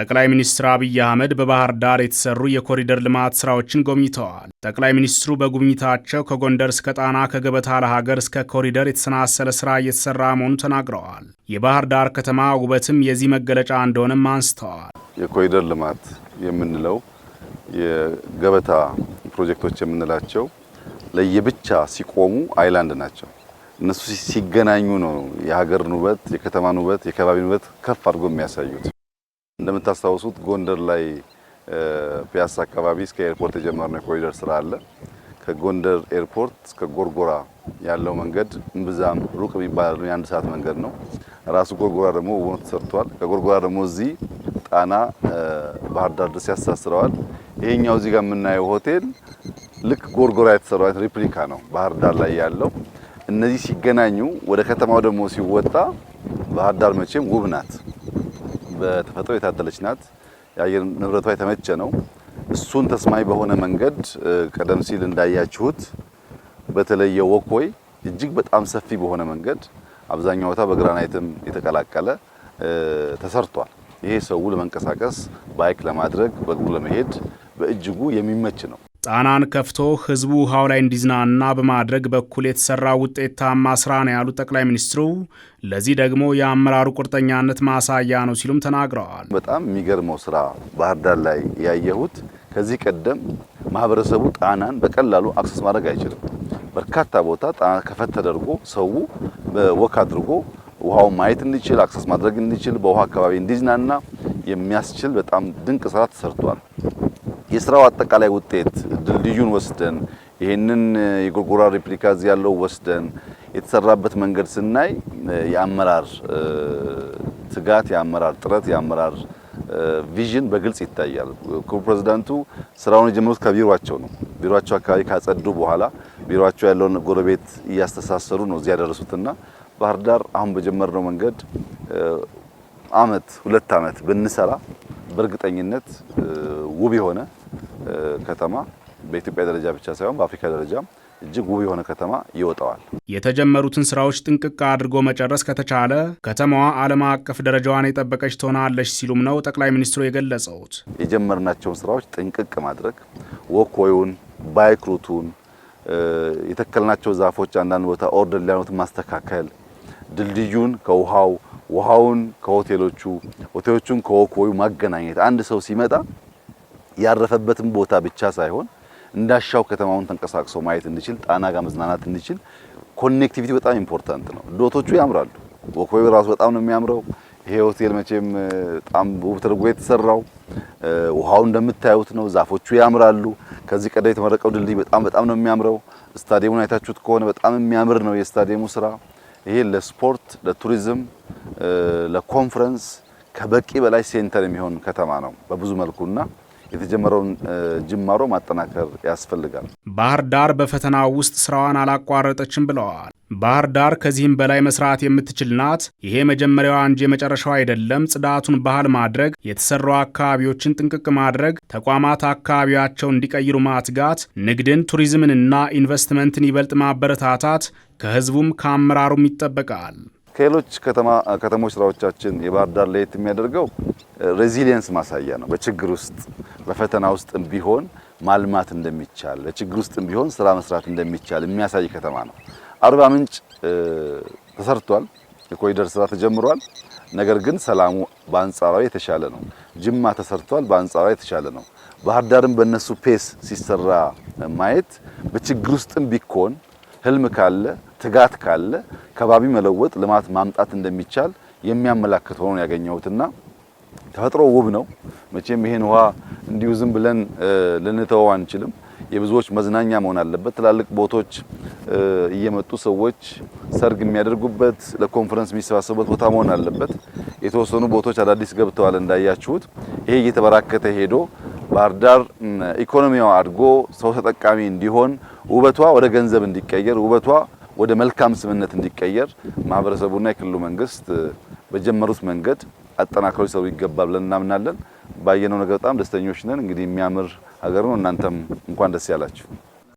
ጠቅላይ ሚኒስትር አብይ አህመድ በባህር ዳር የተሰሩ የኮሪደር ልማት ስራዎችን ጎብኝተዋል። ጠቅላይ ሚኒስትሩ በጉብኝታቸው ከጎንደር እስከ ጣና ከገበታ ለሀገር እስከ ኮሪደር የተሰናሰለ ስራ እየተሰራ መሆኑ ተናግረዋል። የባህር ዳር ከተማ ውበትም የዚህ መገለጫ እንደሆነም አንስተዋል። የኮሪደር ልማት የምንለው የገበታ ፕሮጀክቶች የምንላቸው ለየብቻ ሲቆሙ አይላንድ ናቸው። እነሱ ሲገናኙ ነው የሀገርን ውበት፣ የከተማን ውበት፣ የከባቢን ውበት ከፍ አድርጎ የሚያሳዩት። እንደምታስታውሱት ጎንደር ላይ ፒያሳ አካባቢ እስከ ኤርፖርት የጀመርነው የኮሪደር ስራ አለ። ከጎንደር ኤርፖርት እስከ ጎርጎራ ያለው መንገድ እምብዛም ሩቅ የሚባል የአንድ ሰዓት መንገድ ነው። ራሱ ጎርጎራ ደግሞ ውብ ተሰርቷል። ከጎርጎራ ደግሞ እዚህ ጣና ባህር ዳር ድረስ ያሳስረዋል። ይሄኛው እዚህ ጋር የምናየው ሆቴል ልክ ጎርጎራ የተሰራ ሪፕሊካ ነው ባህር ዳር ላይ ያለው። እነዚህ ሲገናኙ ወደ ከተማው ደግሞ ሲወጣ ባህር ዳር መቼም ውብ ናት። በተፈጥሮ የታደለች ናት። የአየር ንብረቷ የተመቸ ነው። እሱን ተስማሚ በሆነ መንገድ ቀደም ሲል እንዳያችሁት በተለየ ወኮይ እጅግ በጣም ሰፊ በሆነ መንገድ አብዛኛው ቦታ በግራናይትም የተቀላቀለ ተሰርቷል። ይሄ ሰው ለመንቀሳቀስ ባይክ ለማድረግ በእግሩ ለመሄድ በእጅጉ የሚመች ነው። ጣናን ከፍቶ ህዝቡ ውሃው ላይ እንዲዝናና በማድረግ በኩል የተሰራ ውጤታማ ስራ ነው ያሉት ጠቅላይ ሚኒስትሩ ለዚህ ደግሞ የአመራሩ ቁርጠኛነት ማሳያ ነው ሲሉም ተናግረዋል። በጣም የሚገርመው ስራ ባህር ዳር ላይ ያየሁት ከዚህ ቀደም ማህበረሰቡ ጣናን በቀላሉ አክሰስ ማድረግ አይችልም። በርካታ ቦታ ጣና ከፈት ተደርጎ ሰው በወክ አድርጎ ውሃውን ማየት እንዲችል አክሰስ ማድረግ እንዲችል በውሃ አካባቢ እንዲዝናና የሚያስችል በጣም ድንቅ ስራ ተሰርቷል። የስራው አጠቃላይ ውጤት ድልድዩን ወስደን ይህንን የጎርጎራ ሬፕሊካ እዚህ ያለው ወስደን የተሰራበት መንገድ ስናይ የአመራር ትጋት፣ የአመራር ጥረት፣ የአመራር ቪዥን በግልጽ ይታያል። ክቡር ፕሬዚዳንቱ ስራውን የጀመሩት ከቢሮቸው ነው። ቢሮቸው አካባቢ ካጸዱ በኋላ ቢሮቸው ያለውን ጎረቤት እያስተሳሰሩ ነው እዚህ ያደረሱትና ባህር ዳር አሁን በጀመርነው መንገድ አመት ሁለት አመት ብንሰራ በእርግጠኝነት ውብ የሆነ ከተማ በኢትዮጵያ ደረጃ ብቻ ሳይሆን በአፍሪካ ደረጃ እጅግ ውብ የሆነ ከተማ ይወጣዋል። የተጀመሩትን ስራዎች ጥንቅቅ አድርጎ መጨረስ ከተቻለ ከተማዋ ዓለም አቀፍ ደረጃዋን የጠበቀች ትሆናለች ሲሉም ነው ጠቅላይ ሚኒስትሩ የገለጸውት። የጀመርናቸውን ስራዎች ጥንቅቅ ማድረግ ወኮዩን፣ ባይክሩቱን የተከልናቸው ዛፎች አንዳንድ ቦታ ኦርደር ላይኖት ማስተካከል፣ ድልድዩን ከውሃው ውሃውን ከሆቴሎቹ ሆቴሎቹን ከወክወዩ ማገናኘት አንድ ሰው ሲመጣ ያረፈበትን ቦታ ብቻ ሳይሆን እንዳሻው ከተማውን ተንቀሳቅሶ ማየት እንዲችል ጣና ጋር መዝናናት እንዲችል ኮኔክቲቪቲ በጣም ኢምፖርታንት ነው። ዶቶቹ ያምራሉ። ወኮይ ራሱ በጣም ነው የሚያምረው። ይሄ ሆቴል መቼም በጣም ውብ ተደርጎ የተሰራው ውሃው እንደምታዩት ነው። ዛፎቹ ያምራሉ። ከዚህ ቀደም የተመረቀው ድልድይ በጣም በጣም ነው የሚያምረው። ስታዲየሙን አይታችሁት ከሆነ በጣም የሚያምር ነው የስታዲየሙ ስራ። ይሄ ለስፖርት ለቱሪዝም ለኮንፈረንስ ከበቂ በላይ ሴንተር የሚሆን ከተማ ነው በብዙ መልኩና የተጀመረውን ጅማሮ ማጠናከር ያስፈልጋል። ባህር ዳር በፈተና ውስጥ ስራዋን አላቋረጠችም ብለዋል። ባህር ዳር ከዚህም በላይ መስራት የምትችል ናት። ይሄ መጀመሪያዋ እንጂ የመጨረሻው አይደለም። ጽዳቱን ባህል ማድረግ፣ የተሰሩ አካባቢዎችን ጥንቅቅ ማድረግ፣ ተቋማት አካባቢያቸውን እንዲቀይሩ ማትጋት፣ ንግድን ቱሪዝምንና ኢንቨስትመንትን ይበልጥ ማበረታታት ከህዝቡም ከአመራሩም ይጠበቃል። ከሌሎች ከተሞች ስራዎቻችን የባህር ዳር ለየት የሚያደርገው ሬዚሊየንስ ማሳያ ነው። በችግር ውስጥ በፈተና ውስጥ ቢሆን ማልማት እንደሚቻል፣ በችግር ውስጥም ቢሆን ስራ መስራት እንደሚቻል የሚያሳይ ከተማ ነው። አርባ ምንጭ ተሰርቷል፣ የኮሪደር ስራ ተጀምሯል። ነገር ግን ሰላሙ በአንጻራዊ የተሻለ ነው። ጅማ ተሰርቷል፣ በአንጻራዊ የተሻለ ነው። ባህር ዳርም በእነሱ ፔስ ሲሰራ ማየት በችግር ውስጥም ቢኮን ህልም ካለ ትጋት ካለ ከባቢ መለወጥ ልማት ማምጣት እንደሚቻል የሚያመላክት ሆኖ ያገኘሁትና ተፈጥሮ ውብ ነው። መቼም ይሄን ውሃ እንዲሁ ዝም ብለን ልንተወው አንችልም። የብዙዎች መዝናኛ መሆን አለበት። ትላልቅ ቦቶች እየመጡ ሰዎች ሰርግ የሚያደርጉበት፣ ለኮንፈረንስ የሚሰባሰቡበት ቦታ መሆን አለበት። የተወሰኑ ቦታዎች አዳዲስ ገብተዋል እንዳያችሁት። ይሄ እየተበራከተ ሄዶ ባህር ዳር ኢኮኖሚዋ አድጎ ሰው ተጠቃሚ እንዲሆን ውበቷ ወደ ገንዘብ እንዲቀየር ውበቷ ወደ መልካም ስምነት እንዲቀየር ማህበረሰቡና የክልሉ መንግስት በጀመሩት መንገድ አጠናክረው ሊሰሩ ይገባል ብለን እናምናለን። ባየነው ነገር በጣም ደስተኞች ነን። እንግዲህ የሚያምር ሀገር ነው። እናንተም እንኳን ደስ ያላችሁ።